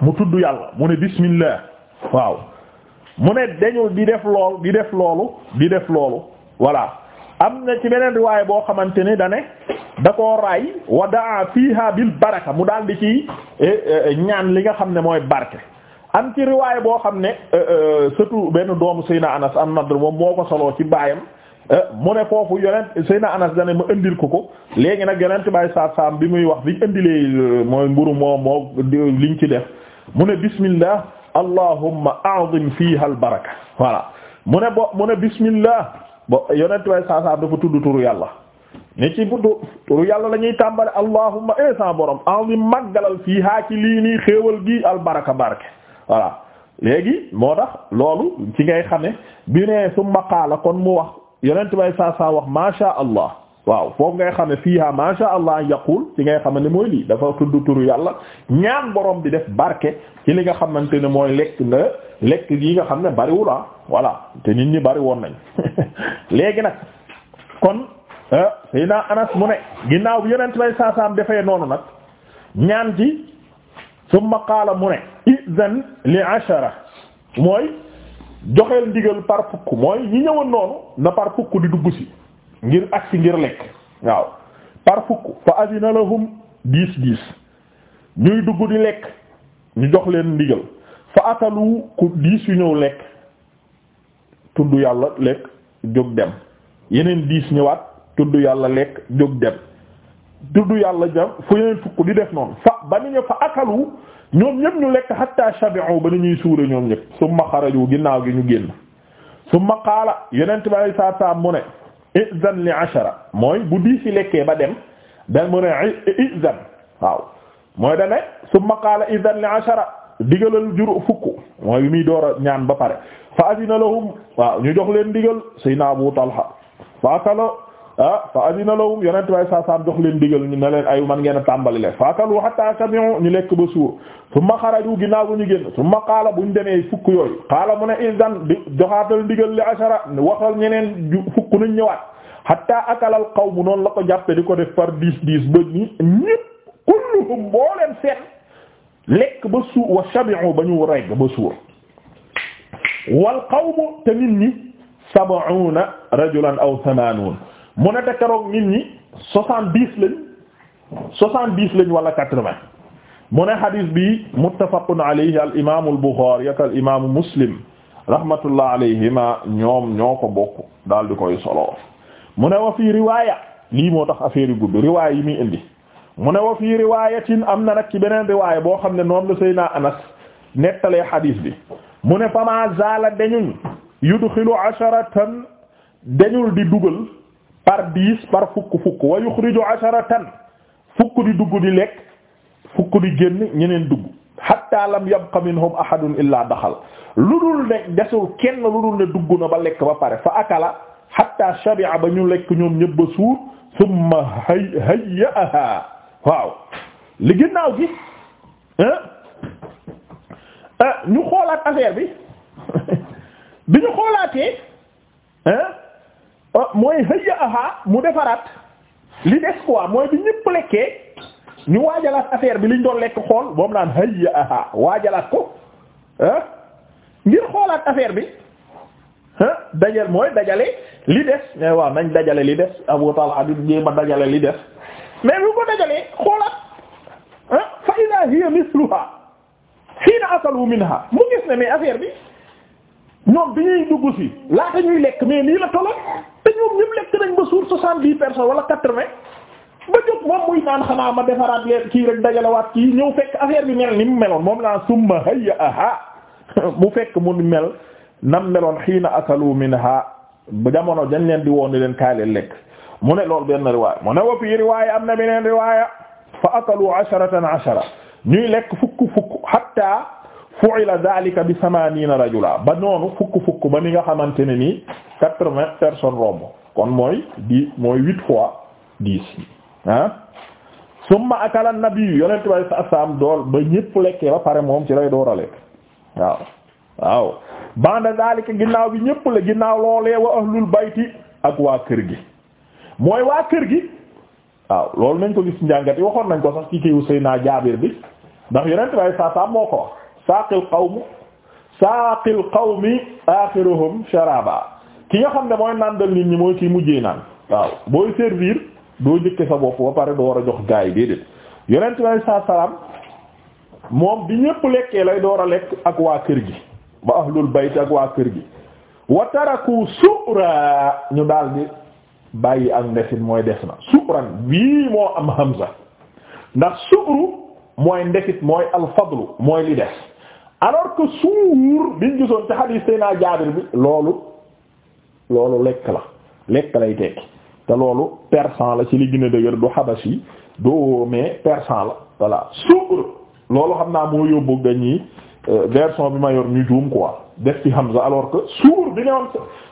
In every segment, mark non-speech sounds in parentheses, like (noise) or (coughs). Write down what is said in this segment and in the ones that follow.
mu tudd yàlla mu ne bismillah waaw mu ne dañu di def lool di def loolu di def loolu voilà am na ci beneen riwaay boo xamante ne da ne da koo raay wa daa fiha bil baraka mu daal di ci eh, eh, ñaan li nga xam ne mooy barke am ci riwaay boo xam ne eh, surtout benn doomu Seyna Anas am nadr moom moo ko soloo ci baayam mu ne foofu yonent Seyna Anas dane ma indil ko ko léegi nag yonent baay saat saam bi muy wax bi indilee mooy mburu moo moo liñ ci def mu ne bismillah allahumma a'zim fiha al baraka voilà mu ne bo mu ne bismillah bo yonent way saasaam dafa tudd turu yàlla ni ci turu yàlla la ñuy tàmbale allahumma esan eh, borom a'zim maggalal fiha ci lii nii xéewal gi al baraka barke voilà léegi moo tax loolu ci ngay xame bi ne summa qaala kon mu wax yonent way saasaam wax ma sha allah waaw foofu ngay xam ne fiiha ma sha allah yaqul ci ngay xam mooy lii dafa tudd turu yàlla ñaan borom bi def barke ci li nga xamante ne mooy lekk nga lekk yi nga xam ne bariwula ah, voilà te nit ñi bari woon nañ (laughs) léegi nag kon euh, naa Anas mu ne ginnaaw bi yonent bay saasaam defee noonu nag ñaan ci summa qaala mu ne izan li ashara mooy joxeel ndigal par fukk mooy ñi ñëwoon noonu na par fukk di dugg si ngir agsi ngir lekk waaw par fukk fa adina lahum diis diis ñuy dugg di lekk ñu jox leen ndigal fa akalu ku diis yu ñëw lekk tudd yàlla lekk jóg dem yeneen diis ñëwaat tudd yàlla lekk jóg dem tudd yàlla jam fu yeneen fukk di def noonu fa ba ni ñu fa akalu ñoom ñëpp ñu lekk hatta shabi'u ba ni ñuy suure ñoom ñëpp summa xaraju ginnaaw gi ñu génn summa qaala yeneen tibe ay saa saa mu ne izan li ashara mooy bu dii si lekkee ba dem da mu ne izan waaw mooy da ne summa qaala izan li ashara digalal juru fukk mooy bi muy door a ñaan ba pare fa azina lahum waaw ñu jox leen digal sayna Abu Talha fa akala ah fa adina lahum yonent way saa saam jox leen digal ñu ne leen ay man ngeen a tàmbali leen faakalu hatta sami'u ñu lekk ba suur summa xaraju ginnaaw bu ñu génn summa qaala bu ñu demee fukk yooyu qaala mu ne izan di joxaatal digal li ashara waxal ñeneen fukk nañ ñëwaat hatta akalal qawmu noonu la ko jàppe di ko def par dix dix ba ñi ñépp kulluhum boo leen seet lekk ba suur wa shabi'u ba ñu regg ba suur wal qawmu te nit ñi sab'una rajulan aw thamanuun mu ne te keroog nit ñi soixante dix lañ soixante dix lañ wala quatre vingt mu ne xadis bi muttafaqun alayhi al imaamu al Buxaari ak al imaamu Muslim rahmatullah alayhima ñoom ñoo ko bokk daal koy solo mu ne wa fii riwaaya lii moo tax affaire yu gudd riwaaya yi muy indi mu ne wa fii riwaayatin am na nag ci beneen riwaaya boo xam ne noonu la Seydina Anas nettalee xadis bi mu ne fama zaala dañuñ yudxilu asharatan dañul di dugal par dix par fukk fukk wa yuxriju asharatan fukk di dugg di lekk fukk di génn ñeneen dugg hatta lam yabqa minhum ahadun illa daxal lu dul ne desul kenn lu dul ne dugg na ba lekk ba pare fa akala hatta shabi'a ba ñu lekk ñoom ñëpp ba suur summa hay hayyaha waaw li ginnaaw gi ah, ñu xoolaat affaire bi (laughs) bi ñu xoolaatee Ah, mooy hëyya aha mu defaraat li des quoi mooy bi ñépp lekkee ñu waajalaat affaire bi liñ doon lekk xool moom naan hëyya aha waajalaat ko ah, ngir xoolaat affaire bi ah dajal mooy dajale li des mais waaw nañ dajale li des Abu Talha di jéem dajale li des mais bu ko dajalee xoolaat ah fa ida hiya misluha hina akalu minha mu gis ne mais affaire bi ñoom bi ñuy dugg ci laata ñuy lekk mais nii la tolo ñoom ñëpp lekk nañ ba suur soixante-dix personnes wala quatre-vingts ba jóg moom muy naan xanaa ma defaraat leen kii rek dajalewaat kii ñëw fekk affaire bi mel ni mu meloon moom laa summa hayya aha (laughs) mu fekk mu mel nam meloon xiina akalu minha jamono dañ leen di woon leen kaay leen lekk mu ne loolu benn riwaaya mu ne wa fii riwaaya am na beneen riwaaya fa akalu asharatan ashara ñuy lekk fukk fukk hatta fu'ila dhalika bi samanina rajula ba noonu fukk fukk ba ni nga xamante ne nii quatre-vingts romb kon mooy di mooy huit fois dix ah summa akala nabi yonent bay sa saam dool ba ñépp lekkee ba pare moom ci lay door a lekk waaw waaw banda dhalika ginnaaw bi ñépp la ginnaaw loolee wa ahlul bayti ak waa kër gi mooy waa kër gi waaw loolu nañ ko gis njàngat yi waxoon nañ ko sax ci kiiwu Seydina Jaabir bi ndax yonent bay sa saam moo ko wax saaqil qawmu saaqil qawmi axiruhum sharaba ki nga xam ne mooy nàndal nit ñi mooy kii mujjee naan waaw booy servir doo jëkke sa bopp ba pare doo war a jox gaa yi déedéet yonent bi saa salaam moom bi ñépp lekkee lay door a lekk ak waa kër gi ba ahlul bayt ak waa kër gi wa taraku suura ñu daal di bàyyi ak ndesin mooy des na suuran bii moo am hamza ndax suuru mooy ndesit mooy alfadlu mooy li des alors que suur biñ gisoon ci xadiis tey naa jaabir bi loolu loolu lekk la lekk lay tekki te loolu persan la ci li gën a dëgër du xabashi du mais persan la voilà suur loolu xam naa moo yóbbu dañuy euh, version bi ma yor ñu juum quoi def ci Hamza alors que suur bi ne woon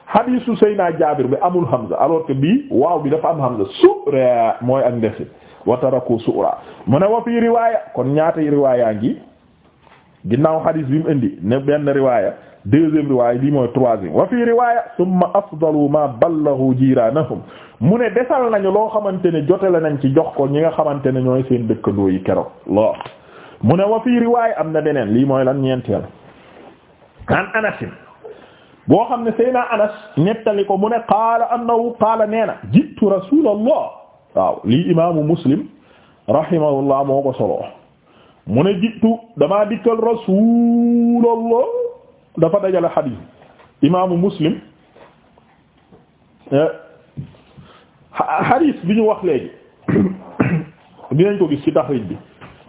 xadiisu Seyna Jaabir bi amul Hamza alors que bii waaw bi dafa am Hamza suura mooy ak ndefi wa taraku suura mu ne wa fii riwaaya kon ñaata riwaaya ngi ginnaaw xadis bi mu indi ne benn riwaaya deuxième riwaaya lii mooy troisième wa fii riwaaya summa afdalu ma ballahu jiiraanahum mu ne desal nañu loo xamante ne jotale nañ ci jox ko ñi nga xamante ne ñooy seen dëkkandoo yi keroog lo mu ne wa fii riwaaya am na beneen lii mooy lan ñeenti an anasin boo xam ne sayna anas ñettali ko mu ne qaala annahu qaala nee na jittu rasulallah waaw lii imaamu muslim rahimahullah moo ko solo mu ne jiitu damaa dikkal rasuulallah dafa dajale xadiis imaamu muslim eh, xadiis bi ñu wax léegi (coughs) dinañ ko gis ci taxriij bi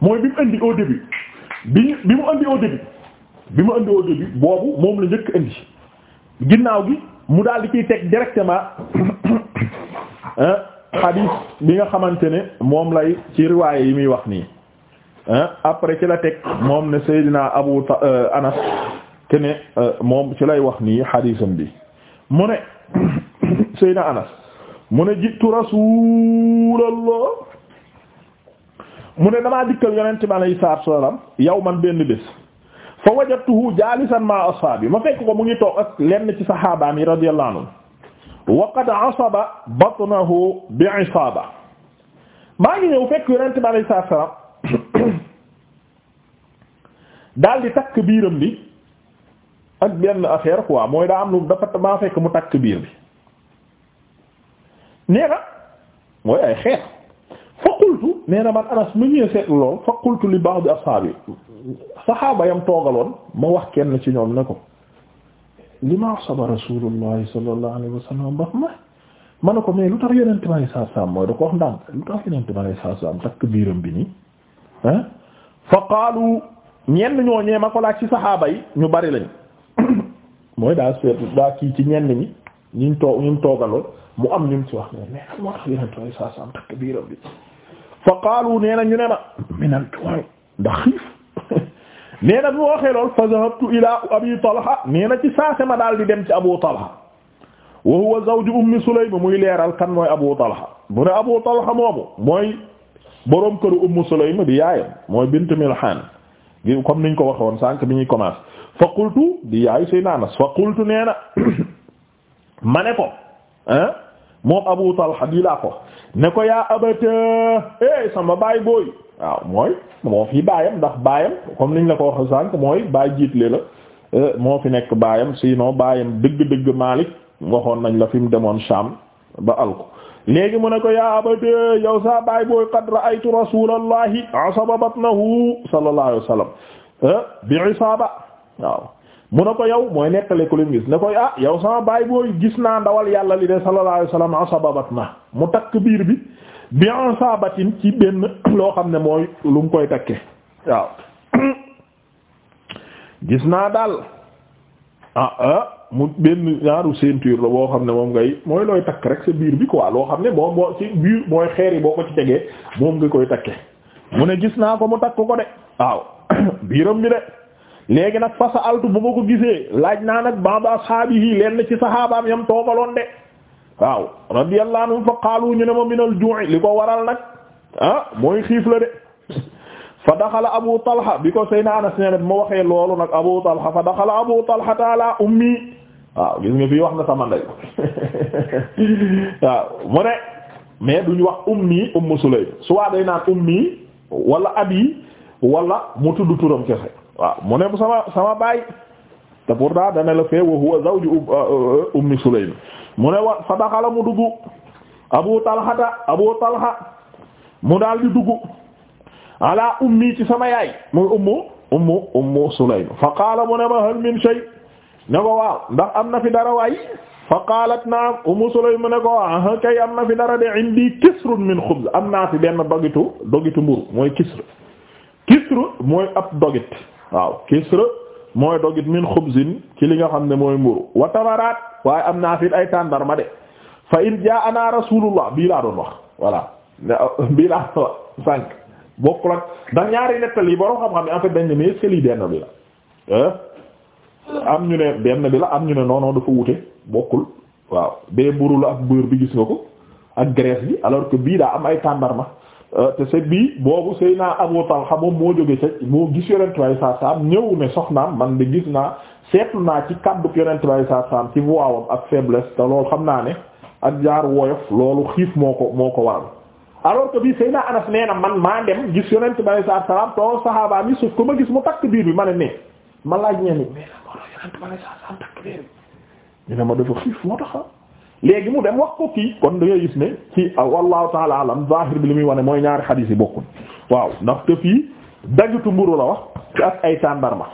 mooy bi mu indi au début bi bi mu indi au début bi mu indi au début boobu moom la njëkk indi ginnaaw gi mu daal di ciy teg directement (coughs) eh, xadiis bi nga xamante ne moom lay ci riwaaye yi muy wax nii après ci la teg moom ne Seydina Abu euh, Anas kene euh, moom ci lay wax nii xadiisam bi mu ne (coughs) Seydina Anas mu ne jiitu Rasuulallah mu ne damaa dikkal yonent bi alayhi salaatu wa salaam yawman benn bés fa wajadtuhu jaalisan ma ashaabi ma fekk ko mu ngi toog ak lenn ci saxaabaam yi radiyallahu wa qad asaba batnahu bi isaaba maa ngi ñëw fekk yonent bi alayhi salaatu wa salaam (coughs) daal di takk biiram bi ak benn affaire waa mooy daa am lu dafa maa fekk mu takk biir bi nee na mooy ay xeer fa nee na man anas mu ñëwee seetlu lool fa li ba'd ashaabi saxaaba yam toogaloon ma wax kenn ci ñoom ne ko li ma asaba rasulullahi sallallahu alayhi wa sallam ba ko mais lu tax yonente bi alayhi salaam mooy da ko ndànk lu tax yonente bi alayhi salaam takk biiram bi nii fa qaalu ñenn ñoo ñee ma ko laaj ci saxaaba yi ñu bari lañ (coughs) mooy daal seet daa kii ci ñenn ñi ñu toog ñu toogaloon mu am ñu ci wax ne mais am wax yeneen tooy saa ne ma minal juwaan ndax xiif (laughs) nee na lool fa zahabtu ila abi talha nee na ci saase ma daal di dem ci abu talha wa huwa zawju ummi sulaym muy leeral kan mooy abu talha mu ne abu talha moomu mooy boroom këru Ummu Sulaym di yaayam mooy bint Milhan gi comme niñ ko waxoon sànq bi ñuy commencé fa qultu di yaayu Seydina Anas fa qultu nee na (coughs) ma ne ko ah moom Abu Talha di laa ko ne ko yaa abata eh sama baay booy waaw mooy moo fi baayam ndax baayam comme niñ la ko waxoon sànq mooy baay jiitle la eh, moo fi nekk baayam si sinon baayam dëgg-dëgg Malik waxoon nañ la fi mu demoon Sham ba al léegi mu ne ko yaa abatee yow saa baay booy qad ra'aytu rasulallahi asaba batnahu sallallahu alayhi wa bi isaba waaw mu ne ko yow mooy nettale ko leen gis ne ko ah yow sama baay booy gis naa ndawal yàlla li de sallallahu alayhi wa sallam asaba batna mu takk biir bi bi isabatin ci benn (coughs) loo xam ne mooy lu mu koy takke waaw (coughs) gis naa daal ah ah mu benn ñaaru ceinture la boo xam ne moom ngay mooy looy takk rek sa biir bi quoi loo xam ne moom moo ci biir mooy xeer yi boo ko ci moom nga koy takke mu ne gis naa ko mu takk ko de waaw (coughs) biiram bi de léegi nag fa sa altu bu ma ko gisee laaj naa nag ba'da ashaabihi lenn ci saxaabaam yam toogaloon de waaw radiyallahu anhum fa qaalu ñu ne ma minal ju'i li ko waral nag ah mooy xiif la de fa daxala abu talha bi ko seyna anas nee na bi ma waxee loolu nag abu talha fa daxala abu talha taala ummi waaw gis nga fii wax na sama ndey (laughs) waaw mu ne mais duñu wax ummi ummu Sulaym soit day naan ummi wala abi wala mu tudd turam kese waaw mu ne sama sama baay te pourtant dana la fee wa huwa zawju um, uh, uh, ummi Sulaym mu ne wa fa daxala mu dugg abu talhata abu talha mu daal di dugg ala ummi ci sama yaay muy ummu ummu ummu Sulaym fa qaala mu ne ma hal min ne ko waaw ndax am na fi dara waay fa qalat naam Umm Sulaym ne ko ah kay am na fi dara de indi kisrun min xubz am naa fi benn dogitu dogitu mburu mooy kisr kisr mooy ab dogit waaw kisr mooy dogit min xubzin ci li nga xam ne mooy mburu wa waaye am naa fi ay tàndarma de fa in jaa ana rasulullah bii laa doon wax voilà bii laa doon wax sànq bokkul ak ñaari nettal yi borom xam-xam ne en fait dañ ne mais seli benn bi la am ñu ne benn bi la am ñu ne non non dafa wute bokkul waaw bee mburu la ak beurre bi gis nga ko ak graisse bi alors que bii daa am ay tàndarma euh, te c'est bii boobu sëy naa Abu Talha moo jóge ca moo gis yonent bi saa ñëw ne soxnaam man de gis naa seetlu naa ci kàddu yonent bi saa saam ci waawam ak faiblesse te loolu xam naa ne ak jaar woyof loolu xiif moo ko moo ko waral alors que bii sëy naa Anas nee man maa dem gis yonent bi saa saam toog saxaabaam yi suuf ko ma gis mu takk biir bi ma ne ma laaj ñenn mais ñu ne ma dafa moo tax léegi mu dem wax ko kii kon da ngay gis ne ci wallahu taala alam zahir bi li muy wane mooy ñaari xadiis yi bokkul waaw ndax te fii dajutu mburu la wax ci ak ay tàndarma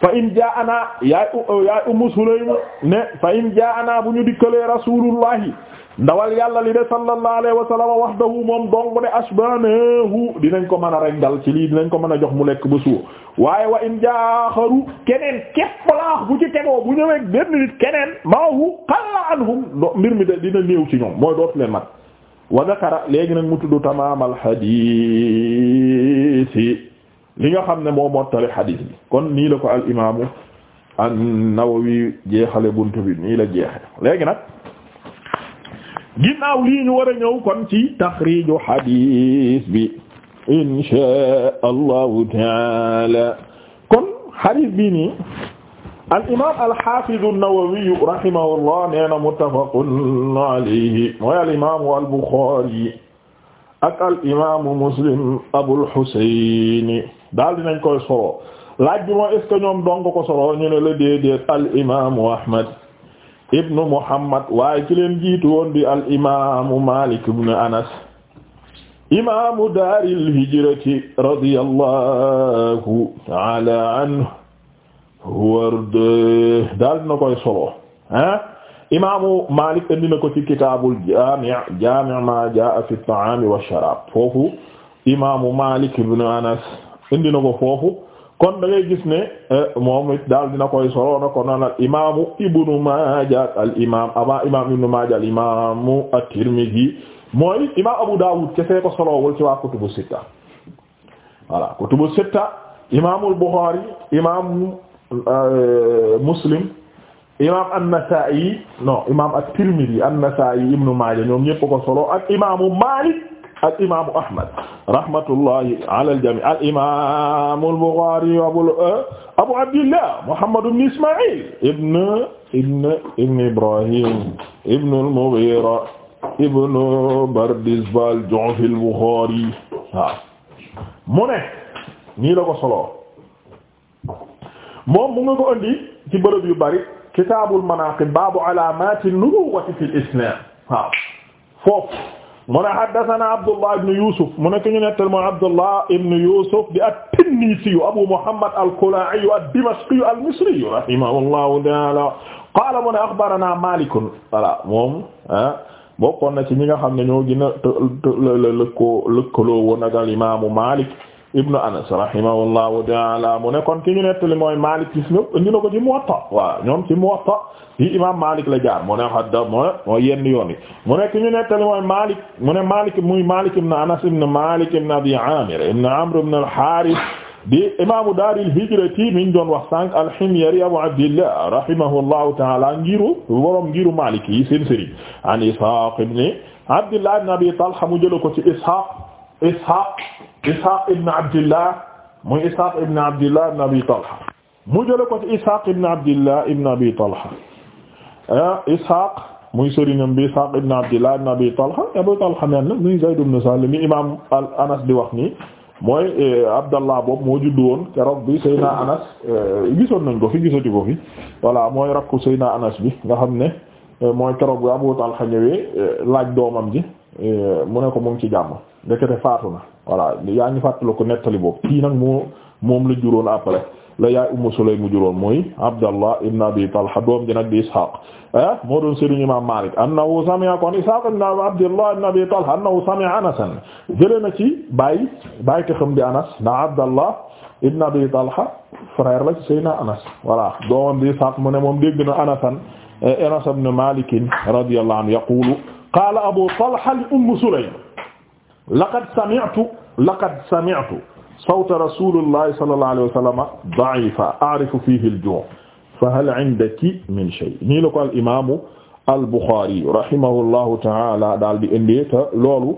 fa in jaana yaay yaay ummu sulaym ne fa in jaana bu ñu dikkalee rasulullahi ndawal yàlla li de sallallahu alayhi wa sallam wahdahu moom dong ne ashbanahu dinañ ko mën a rengal ci lii dinañ ko mën a jox mu lekk ba suur waaye wa in jaaxaru keneen képp laax bu ci tegoo bu ñëwee benn nit keneen maahu qalla anhum mbir mi de dina néew ci ñoom mooy dootu leen mat wa zakara léegi nag mu tudd tamaamal xadiisi li nga xam ne moo mottali xadiis bi kon nii la ko al imaamu an-Nawawi jeexale buntu bi nii la jeexe léegi nag ginnaaw lii ñu war a ñëw kon ci taxriiju xadiis bi inshaa allahu taala kon xadiis bi nii al imaam al xaafidu an-Nawawi rahimahullah nee na muttafaqun alayhi mooy al imaamu al Buxaari ak al imaamu Muslim Abul Husayn daal dinañ koy solo laaj bi mooy est-ce que ñoom dong ko solo ñu ne la déedéet al imaamu Ahmad ibnu Muhammad waaye ki leen jiitu woon di al imaamu Maalik ibnu Anas imaamu daaril hijrati radiyallahu ta'ala anhu warde daal dina koy solo ah imaamu Maalik indi na ko ci kitaabul jaami' jaami' maa jaa'a fi at-ta'aami wash-sharaab foofu imaamu Maalik ibnu Anas indi na ko foofu kon da gis ne euh, moom daal dina koy solo na ko noon al imaamu ibnu Maaja al imaam al imaamu mooy imaam Abu Dawud kese ko solowul waa kutubu sitta voilà Bukhari imaam euh, Muslim imaam an-Nasa'i non imaam at-Tirmidhi an-Nasa'i ibnu Maaja ñoom ñépp ko solo ak imaamu Maalik ak imaamu Ahmad rahmatullahi ala al-jamii al imaamu al-Buxaari abul eh, abu abdillah Muhammad ibn Ismaïl ibn ibn ibn Ibrahim ibn al-Mughira ibn Bardizbal Ju'fi al-Buxaari waaw mu ne nii la ko solo moom mu ngi ko andi ci bërëb yu bari kitaabul manaaqib baabu alaamaati nubuwwati fil islaam waaw foofu mu ne haddathana Abdullah ibn Yusuf mu ne ki ñu nettal mooy Abdullah ibn Yusuf di at-Tinnisi Abu Muhammad al-Kala'i ad-Dimashqi al-Misri rahimahullahu ta'ala qaala mu ne akhbarana Malik voilà moom ah bokkoon na ci ñi nga xam ne ñoo gën a lëkkaloo woon ak al imaamu Malik ibnu anas rahimahullahu taala mu ne kon ki ñu nettali mooy malik gis nga indi na ko ci muwatta waaw ñoom ci muwatta yi imam malik la jaar mu ne xadda mooy mooy yenn yoon yi mu ne ki ñu nettali mooy malik mu ne malik muy malik ibnu anas ibnu malik ibnu abi amir ibnu amr ibnu al-harith di imamu daaril hijrati min doon wax sànq alhimyari abou abdillah rahimahullahu taala ngiru borom ngiru malik yi seen sëriñ an ishaq ibni abdillah ibne abi talha mu jëla ko ci ishaq ishaq Ishaq ibn Abdillah muy Ishaq ibn Abdillah ibn Abi Talha mu jële ko ci Ishaq ibn Abdillah ibn Abi Talha ah, Ishaq muy sëriñam bi Ishaq ibn Abdillah ibn Abi Talha Abu Talha mel na muy Zayd ibn Sahl ni imaam Anas di wax nii mooy eh, Abdallah boobu moo juddu woon keroog bi Seyna Anas eh, gisoon nañ ko fi gisati ko fi voilà mooy rakku na Anas bi nga xam ne eh, mooy keroog bi Abu Talha ñëwee laaj doomam ji Eh, mu ne ko mu ci jàmm ndekete faatu na voilà yaa ngi fàttala ko nettali boobu kii nag moo moom la juróon après la yaay Ummu Sulaym mu juróon muy Abdallah ibn Abi Talha doom ji nag di Ishaq ah moo doon sëriñ Imam Malik annahu sami'a kon Ishaq ibn Abdallah ibn Abi Talha annahu sami'a Anasan jëlee na ci bàyyi bàyyi te xam di Anas ndax Abdallah ibn Abi Talha frère la ci Seydina Anas voilà doomam di Ishaq mu ne moom dégg na Anasan eh, Anas ibn Malik radiyallahu anhu yaqulu qaala abu talha li umm sulaym laqad sami'tu laqad sami'tu sawta rasulillahi sallallahu alayhi wa sallama da'ifa a'rifu fihi al-ju' fa hal 'indaki min shay nii la ko al imaamu al buxaari rahimahullahu ta'ala daal di indi te loolu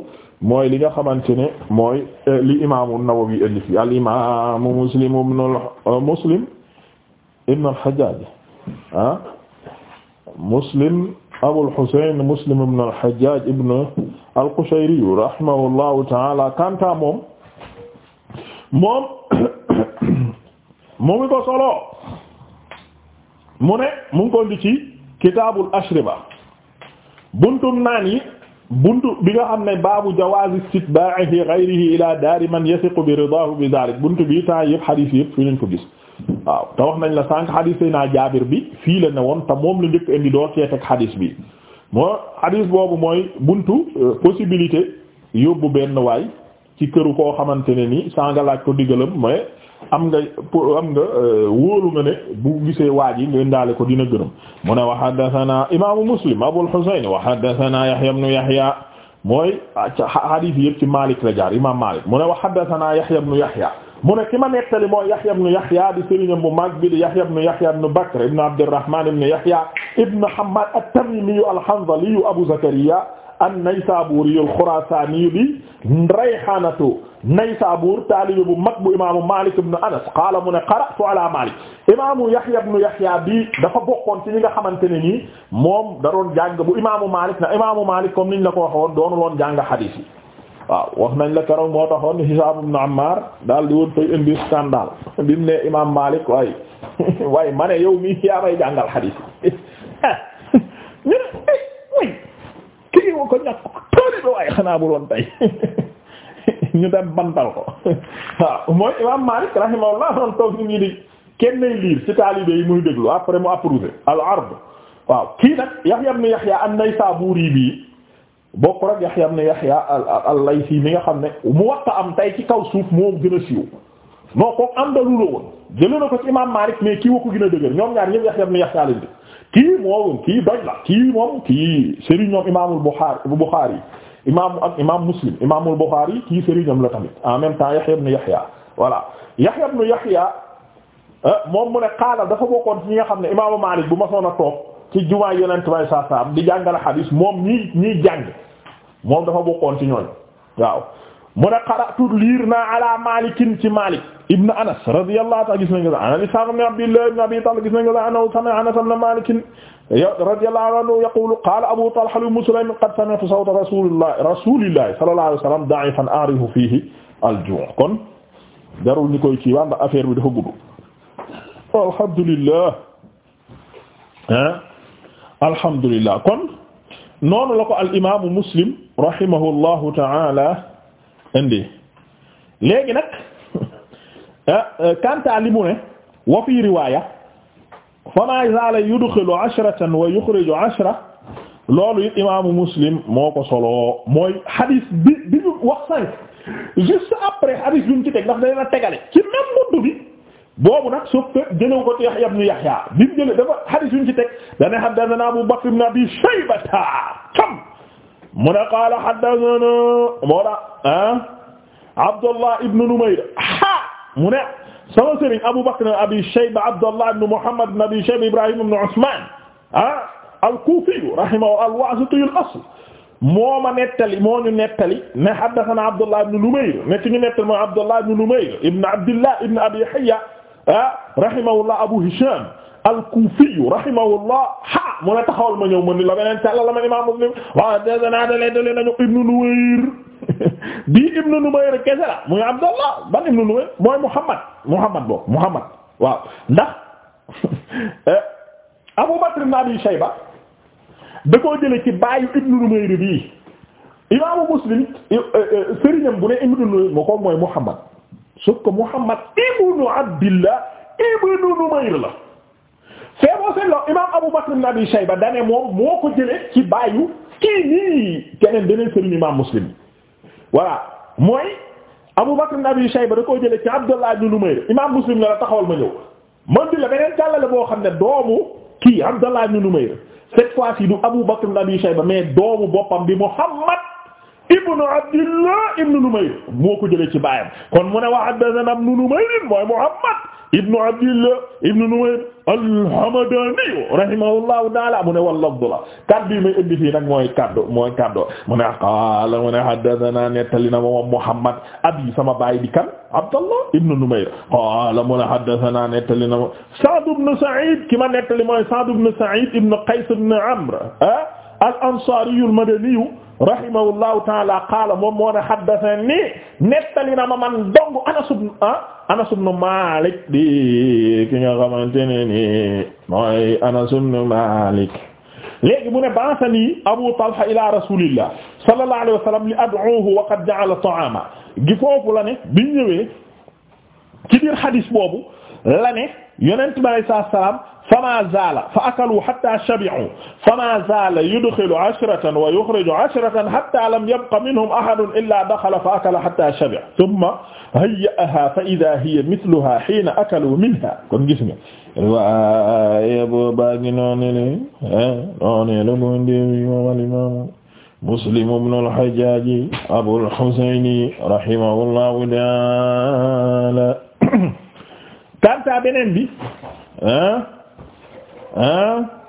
mooy li nga xamante ne mooy eh, li imaamu nawawi indi fi al imaamu muslim ibn eh, muslim ibn al-hajjaj ah muslim. Abul Husayn Muslim ibn al-Hajjaj ibn al-Qushayri rahimahullahu ta'ala kanta moom moom mu ngi ko solo mu ne mu ngi ko ndi ci kitaabul ashriba buntu naan yi buntu bi nga xam ne baabu jawaazi istitbaa'ihi ghayrihi ila daari man yasiqu bi ridaahu bi daalik buntu bi temps yëpp hadith yëpp fi ñu ko gis waaw te wax nañ la sànq xadiis say naa jaabir bi fii la ne woon te moom la njëkk indi doo cee teg xadiis bi moo xadiis boobu mooy buntu euh, possibilité yóbbu benn waay ci këru koo xamante ne nii saa nga laaj ko digalam mais am nga am nga euh, wóolu nga ne bu gisee waaj yi nga indaale ko dina gërëm mu ne wa haddathana imaamu muslim abul husayn wa haddathana yahya ibn yahya mooy ah, xadiis yëpp ci Maalik la jaar imaam Maalik mu ne wa haddathana yahya ibn yahya mu ne ki ma nettali mooy Yahya ibn Yahya di sëriñam bu mag bi di Yahya ibn Yahya ibn Bakr ibn Abdurrahman ibn Yahya ibn Hammad at-Tamimi al-Hanzali Abu Zakariya an-Naysaburi al-Khurasani bi Rayhanatu Naysabur taalibe bu mag bu imaamu Malik ibn Anas qaala mu ne qara'tu ala Malik imaamu Yahya ibn Yahya bi dafa bokkoon ci ñi nga xamante ne nii moom da doon jàng bu imaamu Malik na imaamu Malik comme niñ la ko waxoon doonul woon jàng hadith yi waaw wax nañ la keroog moo taxoon Hisaam ibn Ammaar daal di woon fay indi scandale bi mu ne imaam Maalik waaye (laughs) waaye ma yow mii yaa may jàngal xadiis yi (laughs) ñu ne way eh, kii wa ko ñàkk tooli do waaye xanaa bu doon tey (laughs) ñu dem bantal ko waaw mooy imaam Maalik rahimahullah doon toog ñu di kenn nay liir ci taalibe yi muy déglu après mu approuvé al ard waaw kii nag Yahya ibn Yahya an-Naysaburi bi bokk rek Yahya ibn Yahya al-Laythi mi nga xam ne mu wax am tay ci kaw suuf moo gën a siiw moo ko andalu la woon jëlee na ko ci imaam Maalik mais kii woo ko gën a dëgër ñoom ñaar ñëpp Yahya ibn Yahya lañ di kii moo kii doj la kii moom kii sëriñ ñoom imaamul Buxaari Buxaari imaam ak imaam Muslim imaamul Buxaari kii sëriñ ñoom la tamit en même temps Yahya ibn Yahya voilà Yahya ibn Yahya ah, moom mu ne xaala dafa bokkoon ci ñi nga xam ne imaamu Maalik bu ma soon a toog ci jumaa Yonent bi sallallahu alayhi wasallam di jàngale moom ñi ñiy jàng moom dafa bokkoon ci ñooñ waaw mu ne qara'tu liir naa ala malikin ci malik ibn anas radiyallahu ta'ala gis nañu ko ana Ishaq ibn Abdillah ibn Abi Talha gis nañu ko ana sami'a Anas ibn Malik radiyallahu anhu yaqulu qala Abu Talha li Muslim qad sami'tu sawta rasulillah rasulillah sallallahu alayhi wasallam da'ifan a'rifu fihi al-ju' kon darul ni koy ci wàllu affaire bi dafa gudd. alhamdulillah ah alhamdulillah kon. noonu la ko al imaamu muslim taala indi léegi nag kanta (laughs) ah, euh, mu ne wa fi riwaya fama zala yudxilu ashratan wa yuxriju ashra loolu it imaamu muslim moo ko solo mooy hadis bi bi wax sànq juste après hadis bi mu ci teg ndax day na tegale ci même muddu bi boobu nag suuf que jëlew ko ci Yahya ibn Yahya bi mu jëlee dafa hadith yuñ ci teg dane haddathana Abu Bakr ibn Abi Shaybata tam mu ne qaala haddathana moo la ah Abdullah ibn Numayr ha mu ne sama sëriñ Abu Bakr ibn Abi Shayba Abdullah ibn Muhammad ibn Abi Shayba Ibrahim ibn Usman ah al-Kufi rahimahu al-Wasiti al-asl moo ma nettali moo ñu nettali ne haddathana Abdullah ibn Numayr ne ci ñu nettali moo Abdullah ibn Numayr ibn Abdillah ibn Abi Hayya ah rahimahullah Abu Hisham al-Kufi ha mu ne taxawal ma ñëw ma ni la beneen tàlla la ma imam Muslim waaw dana dalee dalee nañu Ibnu Numayr (laughs) bii Ibnu Numayr kese muy Abdallah ban Ibnu Numayr mooy Muhammad Muhammad boobu Muhammad waaw ndax (laughs) eh, Abu Bakr ibn Abi Shayba da koo jële Ibnu Numayr bii imaamu Muslim eh, eh, sëriñam bu Ibnu Numayr moo ko mooy Muhammad sauf que Muhammad ibnu Abdillah ibnu Numayr la c'est bon c'est là imam Abu Bakr ibn Abi dane moom moo ko jëlee ci baayu kii nii keneen beneen sëriñ imam Muslim voilà mooy Abu Bakr ibn Abi da koo jëlee ci Abdullah ibn Numayr imam Muslim la la taxawal ma ñëw man di la beneen jàllale boo xam ne doomu kii Abdullah ibn Numayr cette fois-ci du Abu Bakr ibn Abi Shayba mais doomu boppam bi Muhammad ibnu abdillah ibnu numayr moo ko jëlee ci baayam kon mu ne wa haddathana ibnu numayr mooy muhammad ibnu abdillah ibnu numayr al-hamadani rahimahullahu ta'ala mu ne wal lafdula kaddu yi may indi fii nag mooy kaddu mooy kaddu mu ne qaala mu ne haddathana nettali na moom muhammad abi sama baay di kan abdallah ibnu numayr qaala mu ne haddathana nettali na moom sa'd ibnu sa'id ki ma nettali mooy sa'd ibnu sa'id ibnu qays ibnu amr ah, al-ansari al-madani rahimahullahu taala qaala moom moo ne haddathani nettali na ma man dong Anas ibn ah, Anas ibn Malik di ki nga xamante ne ni mooy Anas ibn Malik léegi mu ne ba'athani Abu Talha ila rasulillah sallallahu alayhi wa sallam li ad'uhu wa qad ja'ala ta'ama gi foofu la ne bi ñëwee ci biir hadis boobu la ne yonent bi alayhi salaam fama zaala fa akalu hatta shabi'u fama zaala yudkhilu 'ashratan wa yukhriju 'ashratan hatta lam yabqa minhum ahadun illa dakhala fa akala hatta shabi'a thumma hayya'aha fa idha hiya mithluha hina akalu minha kon gis nga riwaaya boo baagi noone le eh, noone la moo ndeewi moom al-imam Muslim ibn al-Hajjaj Abul Husayni rahimahullahu ta'ala (coughs) kanta beneen bi eh,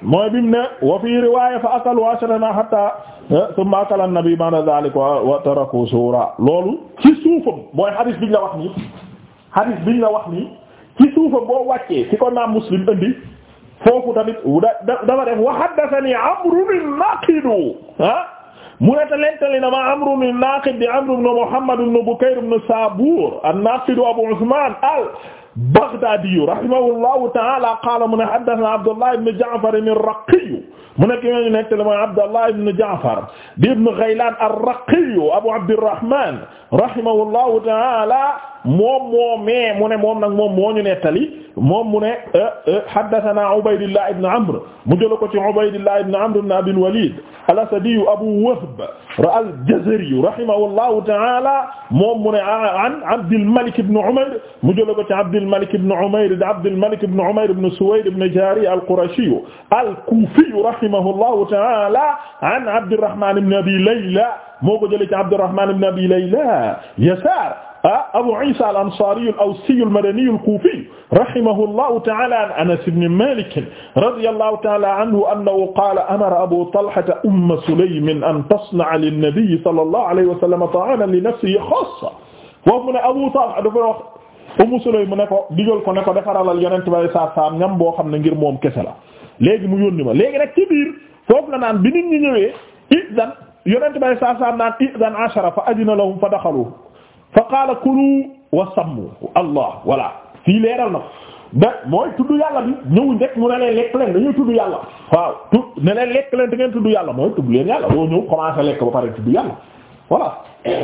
mooy bi mu ne wa fi riwaaya fa akalu ashrana hatta eh, thumma akala an-nabi ba'da dhalika wa taraku suura loolu ci suufam mooy hadis biñ la wax nii hadis biñ la wax nii ci suufam boo wàccee ci ko naam muslim indi foofu tamit dafa def wa haddathani amru an-naqid ah mu ne te lentali na ma Amru ibn Naqid di Amru ibn Muhammad ibn Bukayr ibn Sabur an-Naqid Abu Usman al-Baghdadi rahimahullahu ta'ala qala mu ne haddathana Abdullah ibn Ja'far ibn Raqiy mu nekk ñooñu nekk la mooy Abdallah ibn Jaafar di ibn Ghaylan ar-Raqi Abu Abdirrahman rahimahullahu ta'ala moom moo mee mu ne moom nag moom moo ñu nettali moom mu ne eh, eh, haddathana Ubaydullah ibn Amr mu jël ko ci Ubaydullah ibn Amr ibn Abi al-Walid al-Asadi Abu Wahb al-Jazari rahimahullahu ta'ala moom mu ne ah, an Abdul Malik ibn Umayr mu jël ko ci Abdul Malik ibn Umayr Abdul Malik ibn Umayr ibn Suwayd ibn Jari al-Qurashi al-Kufi rahimahullahu ta'ala an Abdurrahman ibn Abi Layla moo ko jëlee ci Abdurrahman ibn Abi Layla Yasar ah Abu Isa al-Ansari al-Awsi al-Madani al-Kufi rahimahullahu ta'ala an Anas ibn Malik radiyallahu ta'ala anhu annahu qala amara Abu Talha Umm Sulaym an tasna'a lin-nabiy sallallahu alayhi wa sallam ta'aman li nafsihi khassa foofu mu ne Abu Talha dafa wax Umm Sulaym mu ne ko digal ko ne ko defaralal Yonent bi sallallahu alayhi wa sallam ñam boo xam ne ngir moom kese la léegi mu yónni ma léegi nag ci biir foofu la naan bi nit ñi ñëwee idan yonent bay saa saa naan idan ashara fa adina lahum fa daxalu fa qaala kulu wa sammu allah voilà fii leeral na da mooy tudd yàlla bi ñëwuñ rek mu ne leen lekk leen dañuy tudd yàlla waaw tu ne leen lekk leen da ngeen tudd yàlla mooy tudd leen yàlla doo ñëw commencé lekk ba pare tudd yàlla voilà (laughs)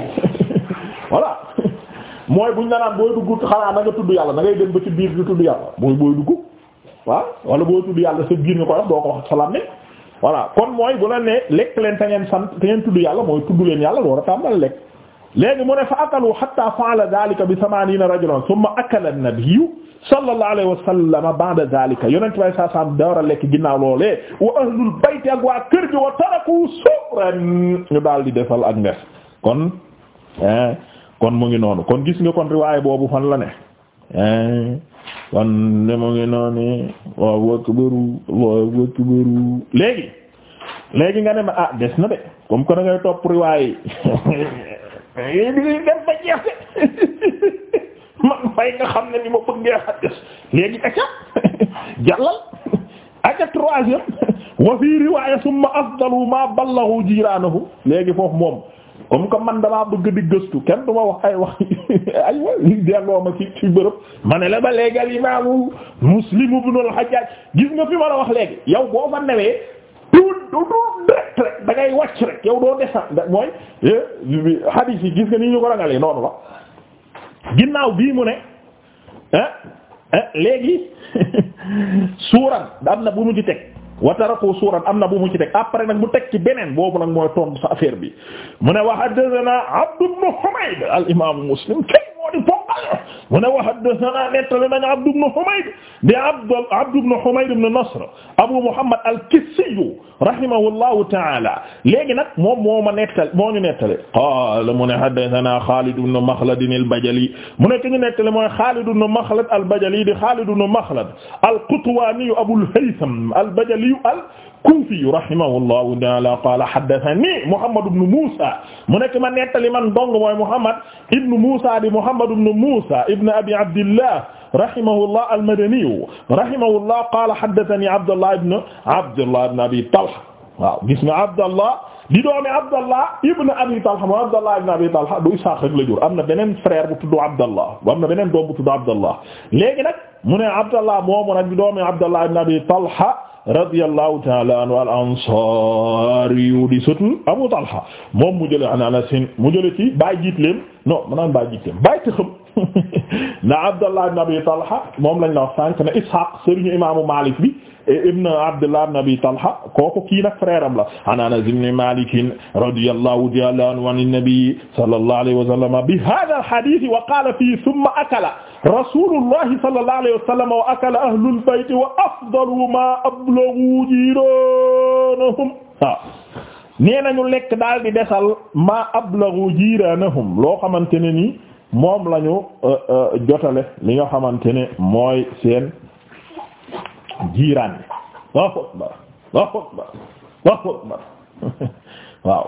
voilà (laughs) mooy buñ la naan booy dugg xanaa na nga tudd yàlla na dem ba ci biir di tudd yàlla mooy waaw wala boo tudd yàlla sa biir nga ko wax doo ko wax salaam ne voilà kon mooy bu la nee lekk leen te ngeen sant te ngeen tudd yàlla mooy tudd leen yàlla loolu tàmbali lekk léegi mu ne fa akalu hatta fa'ala dhalika bi thamanina rajulan thumma akala an-nabiyyu sallallahu alayhi wa sallam ba'da dhalika yonent bay saa sam dawar a lekk ginnaaw loolee wa ahlul bayt ak waa kër gi wa taraku sobran ñu daal di defal ak ndes kon eh, kon mu ngi noonu kon gis nga kon riwaay boobu fan la ne eh. kon ne mu noonu waaw akbaru waaw akbaru léegi léegi nga ne ma ah des na de comme que da ngay topp riwaay yi (laughs) dem ba jeex (laughs) man fay nga xam ne ni ma bëggee xadis léegi aca (laughs) jàllal aca troisième wa fii riwaaya summa afdalu ma ballahu jiraanahu léegi foofu moom comme que man damaa bëgg di gëstu kenn du wax ay wax (laughs) ay wa li delloo ma ci ci bërëb ma ne la ba léegi al imaamu Muslim ibn al-Hajjaj gis nga fi ma la wax léegi yow boo fa newee tuut tuut direct rek da ngay rek yow doo descend mooy eh, hadith yi gis nga ni ñu ko rangalee noonu la ginnaaw bii mu ne eh, eh, léegi (laughs) suuran da am na bu mu ci teg wataraku suuran am na bu mu ci teg après nag mu teg ci beneen boobu nag mooy tontu sa affaire bi mu ne wa haddathana Abd ibn Humayd al imaamu Muslim moo di fonkal mu ne wa haddathana nettali nañ Abd ibn Humayd di Abd Abd ibn Humayd ibn Nasr Abu Muhammad al-Kissi rahimahullahu ta'ala léegi nag moom moo ma nettali moo ñu nettali qaala mu ne haddathana Khalid ibn Makhlad al-Bajali mu ne ki ñu nettali mooy Khalid ibn Makhlad al-Bajali di Khalid ibn Makhlad al-Qutwani Abu al-Haytham al-Bajali al-Kufi rahimahullahu ta'ala qaala haddathani Muhammad ibn Musa mu nekk ma nettali man dong mooy Muhammad ibn Musa di Muhammad Muhammad ibn Muusa ibn Abi Abdillah rahimahullah al-Madani rahimahullah qaala haddathanii Abdullah ibn Abdullah ibn Abi Talha waaw gis nga Abdullah di doomi abdallah ibn abi talha moom abdallah ibn abi talha du ishaq rek la jur am na beneen frère bu tudd abdallah am na beneen doom bu tudd abdallah léegi nag mu ne abdallah moomu nag di doomi abdallah ibn abi talha radiyallahu ta'ala anhu al ansari di sëtu abu talha moom mu jële an anas mu jële ci baay jiitleem non mu naan baay jiitleem baay tëxam (laughs) na abdallah ibn abi talha moom lañ la wax sànq ne ishaq sëriñu imaamu malik bi Eh, ibn Abdullah ibn Abi Talha kooku kii nag frère am la an Anas ibn Malik radiyallahu ta'ala anhu an an-nabi sallallahu alayhi wa sallam bi hadha al-hadith wa qala fihi thumma akala rasulullah sallallahu alayhi wa sallam wa akala ahlul bayt wa afdalu ma ablagu jiranahum nee nañu lekk daal di desal ma ablagu jiranahum loo xamante ne ni moom lañu eh, eh, jotale li nga xamante ne mooy seen jiiraan Allahu akbar Allahu akbar Allahu akbar (laughs) waaw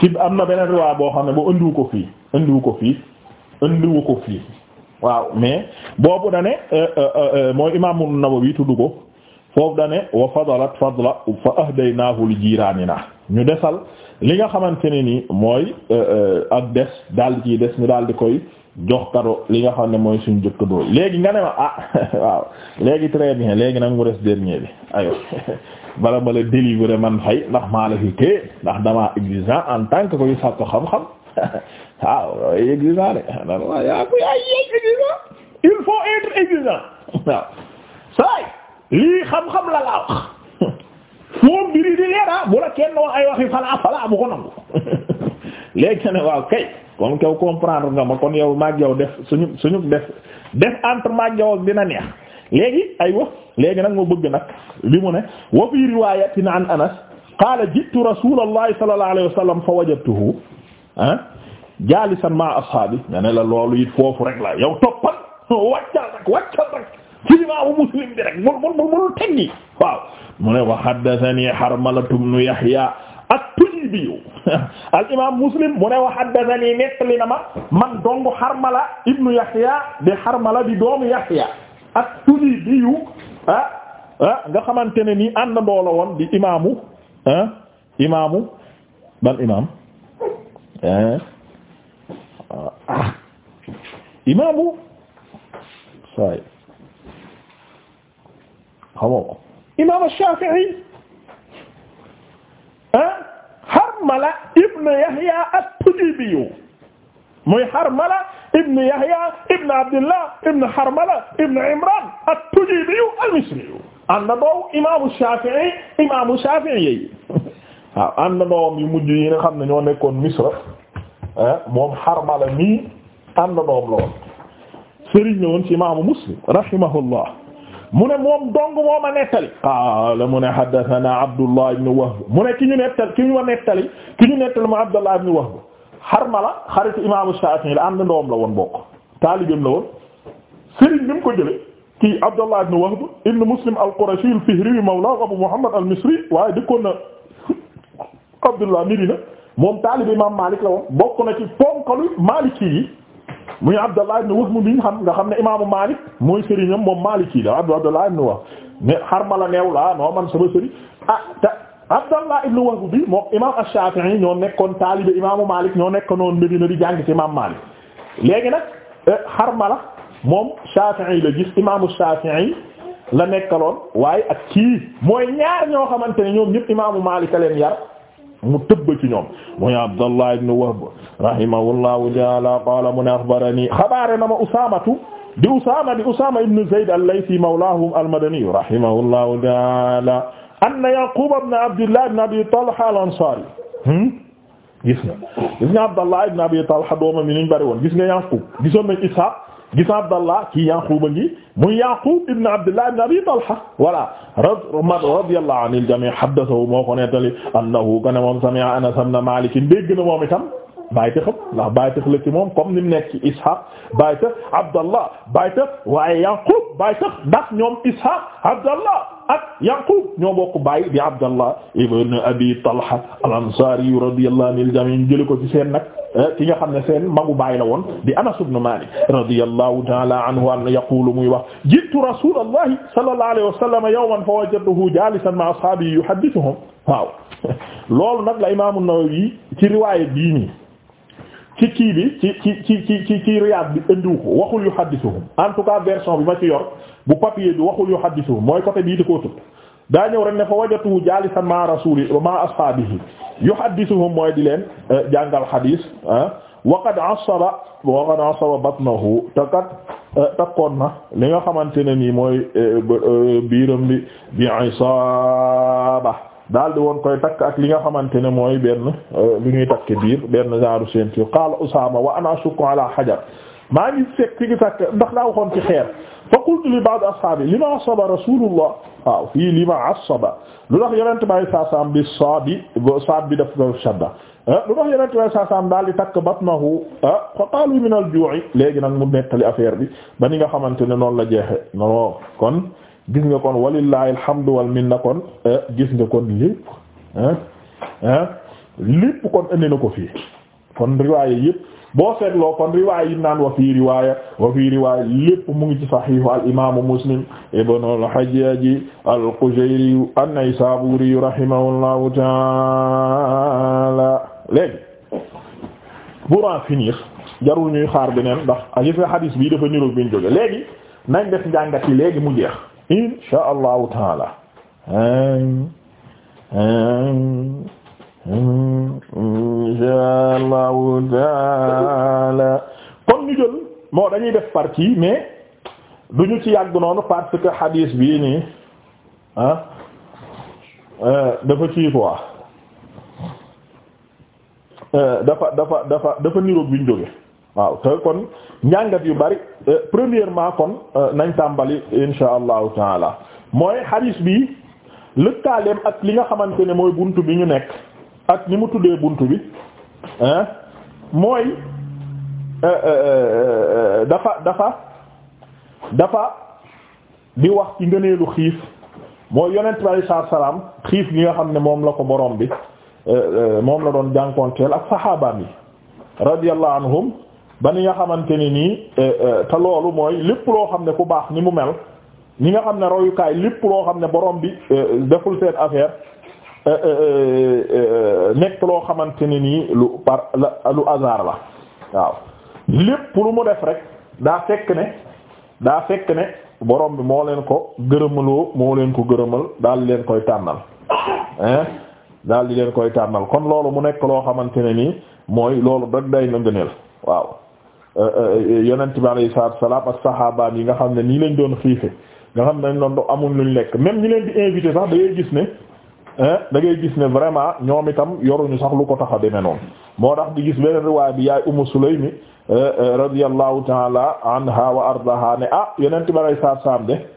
ci am na beneen riwaay boo xam ne bu indiwu ko fii indiwu ko fii ko fii waaw mais boobu dane euh, euh, euh, mooy imaamu Nawawi tudd ko foofu dane wa fadalat fadla fa ahdaynaahu li jiiraanina ñu desal li nga xamante ne ni mooy ak des daal di des ñu daal koy jox kado li nga xam ne mooy suñ jëkk léegi nga ne ma ah (laughs) waaw léegi très bien léegi nag mu des dernier bi ayo (laughs) bala ma la délivrer fay ndax maa la fi téye ndax damaa exigeant en tant que koy sàkk xam-xam (laughs) waaw exigeant de nan waaw ah, bu la kenn wax ay waxi falaa falaa bu ko nangu léegi ne waaw kay kon kaw comprendre nga ma kon yow maag yow def suñu suñu def def entre maag yow ak dina neex léegi aywa léegi nag moo bi nag li mu ne wa fi riwayatin an anas qaala ji'tu rasulallahi fa wajadtuhu ah jaalisan ma ashaabi nga la loolu it foofu rek la yow toppal wàccal rek wàccal rek ci imaamu muslim bi rek mul mul mul mu ne wa haddathani harmalatu ibn yahya at-tujibi (laughs) al imaam muslim mu ne wa haddathani nettali na ma man dong Harmala ibnu Yahya de Harmala di doomu Yahya ak tudi biyu ah ah nga xamante ne ni ànd ndoola woon di imaamu ah imaamu ban imaam ah imaamu say xamoo ko imaam Shafi'i ah Harmala ibn Yahya at-Tujibi muy Harmala ibn Yahya ibn Abdullah ibn Harmala ibn Imran at-Tujibi al-Misri am na doow imaamu Shafi'i imaamu Shafi'i yi waaw am na doom yu mujj yi nga xam ne ñoo nekkoon Misra eh, moom Harmala mi am na doom la woon sëriñ la woon ci imaamu Muslim rahimahullah mu ne moom dong moo ma nettali qaala mu ne haddathana abdullah ibn wahb mu ne ki ñu nettali ki ñu ma nettali ki ñu nettali ma abdullah ibn wahb harmala xaritu imaamu shafi'i la am na ndoom la woon bokk taalibeem la woon sëriñ mu ko jële kii abdullah ibn wahb ibn muslim al-qurashi al-fihri mawla abu muhammad al-misri waaye dëkkoon na abdullah mirina moom taalibe imaam malik la woon bokk na ci ponkalu maliki yi muy Abdallah ibn Wahb bi xam nga xam ne imaamu Maalik mooy sëriñam moom Maaliki la Abdallah ibn Wahb ne Harmala neew la non man sama sëriñ ah te Abdallah ibn Wahb bi moom imaam Ash-Shafi'i ñoo nekkoon taalibe imaamu Maalik ñoo nekkoon Medina di jàng ci imaam Maalik léegi nag eh, Harmala moom Shafi'i la gis imaamu Shafi'i la nekkaloon waaye ak kii mooy ñaar ñoo xamante ne ñoom ñëpp imaamu Maalik a leen yar. mu tëbb ci ñoom muy Abdallah ibn Wahb rahimahullahu ta'ala qala mu ne akhbarani xabaare na ma Usaamatu di Usaama di Usaama ibn Zayd al-Laythi mawlaahum al-Madani rahimahullahu ta'ala anna Yaqub ibn Abdillah ibn Abi Talha al-Ansari hmm? gis nga gis nga Abdallah ibn Abi Talha doomam yi ñu bari woon gis nga Yaqub gisoon nañ Ishaq gis Abdallah ci Yaqub a ngi muy Yaqub ibn Abdillah ibn Abi Talha voilà radiyallahu anil jami' haddathahu moo ko nettali annahu kana moom sami'a Anas ibn Malik dégg na moom itam bàyyi tax ndax bàyyi tax moom comme ni mu nekk ci Ishaq bàyyi tax Abdallah bàyyi tax waaye Yaqub bàyyi tax ndax ñoom Ishaq Abdallah ak Yaqub ñoo bokk baay di Abdallah ibn Abi Talha al-Ansari radiyallahu anil jami' jële ko ci seen nag eh, ki nga xam ne seen magu baay la woon di Anas ibn Malik radiyallahu ta'ala anhu an yaqulu muy wax jiitu rasulallahi sallallahu alayhi wa sallam yawman fa wajadtuhu jalisan ma'a ashabihi yuhaddithuhum waaw (laughs) loolu nag la Imam an-Nawawi ci riwaaya bii nii ci kii bi ci ci ci ci ci Riyad bi andiwu ko waxul yuhaddithuhum en tout cas version bi ma ci yor bu papier bi waxul yu xaddisu mooy côté bii di ko tudd daa ñëw rek ne fa wajatu jaalisan ma rasuli ma ashaabihi yu xaddisuhum mooy di leen eh, jàngal xadiis ah. waqad asaba waqad asaba batnahu te kat eh, takkoon na li nga xamante ne nii mooy eh, biiram bi bi isaaba daal di woon koy takk ak li nga xamante ne mooy benn lu ñuy takk biir benn genre ceinture qaala Usaama wa ana ashukku ala hajar maa ngi fekk ci fekk ndax daa waxoon ci xeer fa qultu li ba'd ashaabi li ma asaba rasulullah waaw fii li ma asaba lu tax yonent bi saa saam bi saa bi saa bi daf ko shadda eh, lu tax yonent bi saa saam daal di takk batnahu eh, fa qaalu min al-ju'i léegi nag mu nettali affaire bi ba ni nga xamante ne noonu la jeexe non kon gis nga kon walillahi alhamdu wal minna kon eh, gis nga kon lépp lépp kon indi na ko fii kon riwaaye yépp boo seetloo kon riwaay yi naan wa fii riwaaya wa mu ngi ci sahihu al imaamu muslim ibn al hajjaj al qushayri an-naysaburi rahimahullahu taala léegi pour en finir jarul ñuy xaar beneen ndax agife hadis bii dafa niroog biñ jóge léegi nañ def njàngat yi léegi mu jeex insha allahu taala insha allahu taala kon ñu jël moo dañuy def partie mais du ñu ci yàgg noonu parce que hadis bii nii ah euh, dafa ci quoi euh, dafa dafa dafa dafa niroog bi ñu jóge waaw te kon njàngat yu bari euh, premièrement kon nañ tàmbali insha allahu taala mooy hadis bi lëkkaaleem ak li nga xamante ne mooy bunt bi ñu nekk ak ni mu tuddee bunt bi mooy euh, euh, euh, dafa dafa dafa di wax ci ngëneelu xiif mooy yonent bi alei salaatu salaam xiif gi nga xam ne moom la ko borom bi moom la doon jànkonteel ak saxaabaam yi radiyallahu anhum ba ni nga xamante ni nii te loolu mooy lépp loo xam ne ku baax ni mu mel ñi nga xam ne royukaay lépp loo xam ne borom bi deful seen affaire Euh, euh, euh, nekk loo xamante ne nii lu par lu hasard la waaw lépp lu mu def rek daa fekk ne daa fekk ne borom bi moo leen ko gërëmaloo moo leen ko gërëmal daal di leen koy tànnal hein daal di leen koy tànnal kon loolu mu nekk loo xamante ne nii mooy loolu rek day na ngëneel waaw yonent bi alayhi salaatu wa salaam ak saxaabaam yi nga xam ne nii lañ doon xiife nga xam ne dañ doon amuñ luñ lekk même ñi leen di invité sax da gis ne Eh, da ngay gis ne vraiment ñoom itam yoruñu sax lu ko tax a demee noonu moo tax di gis beneen riwaay bi yaay Ummu Sulaymi eh, eh, radiyallahu taala anha wa ardaha ne ah yeneen tubaab ay saabsaab de.